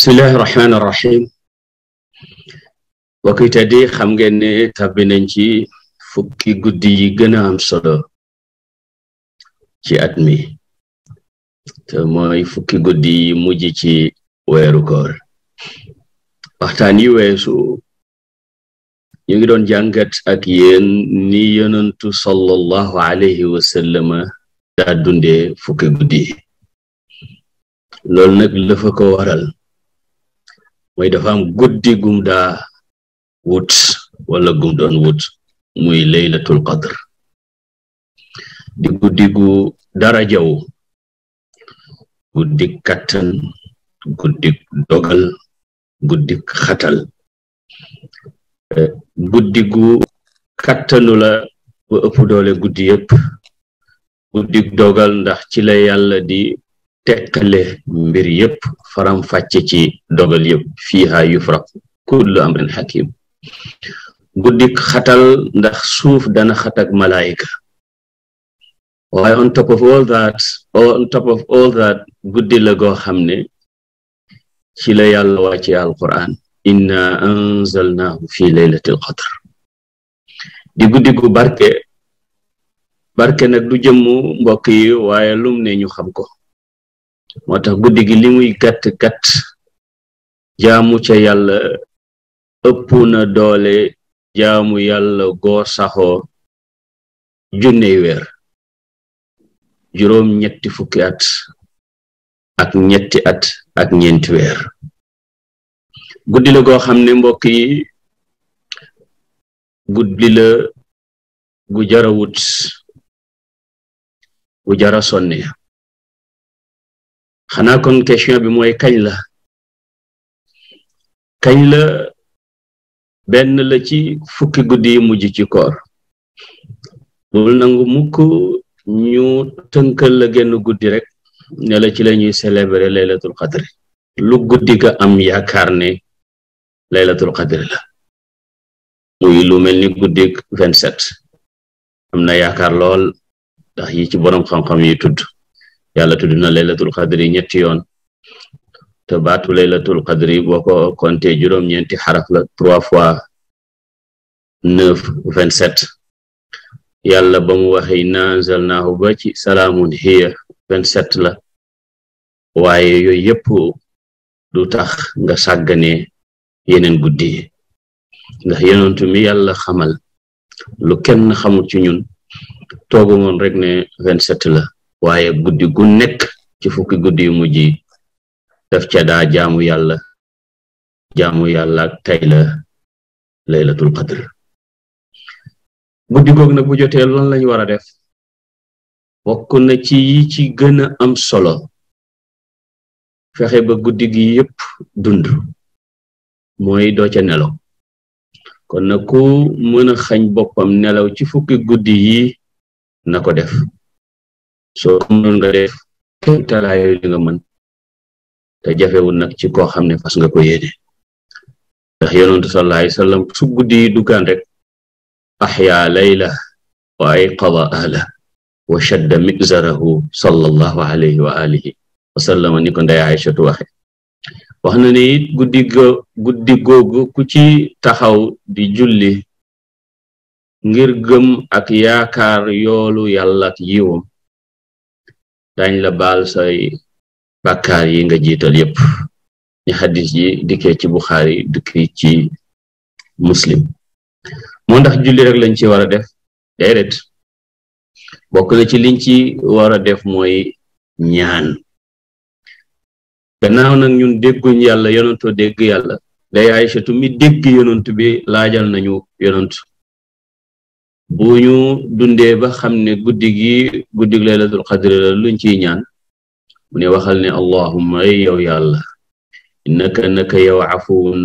bismillahi rahmaani rahim mbokk yi tey xam ngeen ne tabbi nañ ci fukki guddi yi gën am solo ci at mi te mooy fukki guddi yi mujj ci weeru koor waxtaan yi weesu ñu ngi doon jàngat ak yéen ni yonantu sallallahu alayhi wa sallam daa dundee fukki guddi yi loolu nag la fa waral. mooy dafa am guddi gum daa wut wala gum doon wut muy laylatul qadr di guddi gu dara jaw guddi kattan guddi dogal guddi xatal eh, guddi gu kattanu la ba ëpp doole guddi yëpp dogal ndax ci la yàlla di teqale mbir yépp faram fàcce ci dogal yëpp fiiha yufraq kullu amrin xakim guddik xatal ndax suuf dana xatak malaayika waaye on top of all that guddi la goo xam ne ci la yàlla wàcce alquran inna anzalnaahu fi laylatil qadr di guddi gu barke barke du jëmmu mbokk yi waaye lum ne ñu xam ko moo tax guddi gi li muy gàtt gàtt jaamu ca yàlla ëpp na doole jamu yàlla goo saxo junney weer juróom ñetti fukki at ak ñetti at ak ñeenti weer guddi la goo xam ne mbokk yi guddi gu jara wut gu jara sonne xanaa kon question bi mooy kañ la kañ la benn la ci fukki guddi yi mujj ci koor bul nangu muk ñu tënkal la genn guddi rek ne ci la ñuy célébrer laylatul qadri lu guddi ga am yaakaar ne laylatul qadri la muy lu mel ni guddik vingt-sept am na yaakaar lool ndax yi ci boroom xam-xam yi tudd yàlla tudd na laylatul qadri ñetti yoon te baatu laylatul qadri boko ko compté juróom-ñeenti la trois fois neuf vingt sept yàlla ba mu waxe inna anzalnaahu ba ci salaamun hiya vingt sept la waaye yooyu yëpp du tax nga sàggane yeneen guddi yi ndax yonentu mi yàlla xamal lu kenn xamut ci ñun toogu moon rek ne vingt sept la waaye guddi gu nekk ci fukki guddi yu mujj yi daf ca daa jaamu yàlla jaamu yàlla ak tey la laylatul qadr guddi goog na bu jotee lan lañ war a def bokk na ci yi ci gën am solo fexe ba guddi gi yépp dund mooy doo ca nelaw kon na ku mën a xañ boppam nelaw ci fukki guddi yi na ko def soo ko mën nga def talaayo li nga mën te jafewul nag ci koo xam ne fas nga ko yéene ndax yonentu sallallahu alayhi wasallam su guddi yi duggaan rek axyaa layla wa ayqada ahla wa shadda mizarahu sallallahu alayhi wa alihi wa sallama ni ko ndey Aysatu waxe wax na ne it guddi go ku ci taxaw di julli ngir gëm ak yaakaar yoolu yàlla ak yiwam dañ la baal say bàkkaar yi nga jiital yépp ñi xadis yi dikkee ci buxaari dikkee ci muslim moo ndax julli rek lañ ci war a def déedéet bokk na ci liñ ci war a def mooy ñaan gannaaw nag ñun dégguñ yàlla yonantu dégg yàlla day aysatu mi dégg yonantu bi laajal nañu yonantu bu ñu dundee ba xam ne guddi gi guddi laylatul qadr la luñ ciy ñaan mu ne waxal allahumma ay yow yàlla innaka naka yow afuwun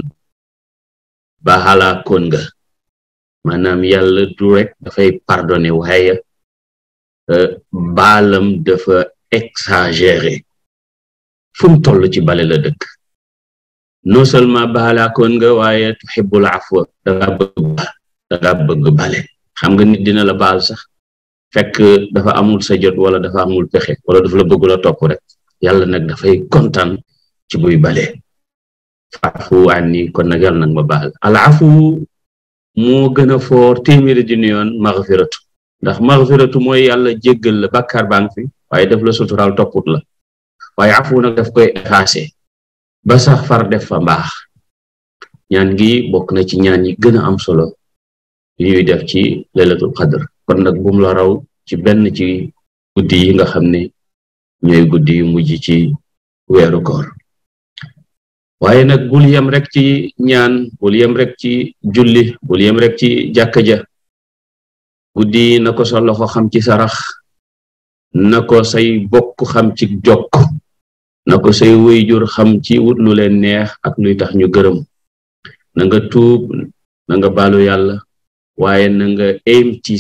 baxalaakoon nga maanaam yàlla du rek dafay pardonné waaye euh, baalam dafa exagéré fu toll ci bale la dëkk non seulement baxalaakoon nga waaye tuhibbul afwa danga bëgg ba danga xam nga nit dina la baal sax fekk dafa amul sa jot wala dafa amul pexe wala dafa la bëggul a topp rek yàlla nag dafay kontaan ci buy bale faafu ni kon nag yàlla nag ma baal alafu moo gën a foor téeméeri junni yoon maxfiratu ndax maxfiratu mooy yàlla jéggal la bàkkaar baa fi waaye def la suturaal topput la waaye afu nag daf koy effacé ba sax far def fa mbaax ñaan gi bokk na ci ñaan yi gën a am solo li ñuy def ci laylatul qadr kon nag bu la raw ci benn ci guddi yi nga xam ne ñooy guddi yu mujj ci weeru koor waaye nag bul yem rek ci ñaan bul yem rek ci julli bul yem rek ci jàkka ja guddi yi na ko sa loxo xam ci sarax na ko say bokk xam ci jokk na ko say wéyjur xam ci wut lu leen neex ak luy tax ñu gërëm na nga tuub na nga baalu yàlla waaye na nga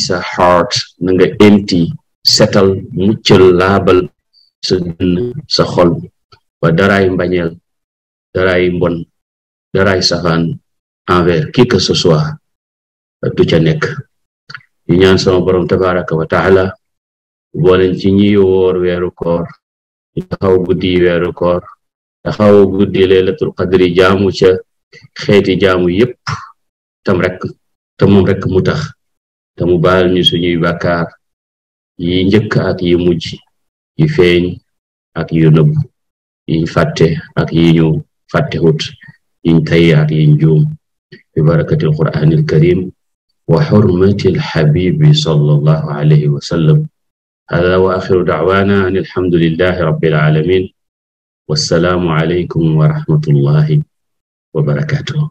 sa heart nanga nga empty setal muccal laabal sa dënn sa xol ba daraay mbañeel daraay mbon daraay safaan envers qui que ce soit du ca nekk ñu ñaan sama borom tabaraka wa taala ci ñiy woor weeru koor ñu taxaw guddi weeru taxaw guddi laylatul qadri jaamu ca xeeti jamu yépp tam rek te moom rek mu tax te baal ñu suñuy bàkkaar yi njëkk ak yi mujj yi feeñ ak yu nëbb yiñ fàtte ak yi ñu fàttewut yiñ tay ak yiñ juum bi barakatil qur'anil karim wa xurmatil xabibi sallallahu alayhi wa sallam hada wa axiru dacwaana an alhamdulillahi rabbil alamin wassalaamu alaykum wa wa barakatuh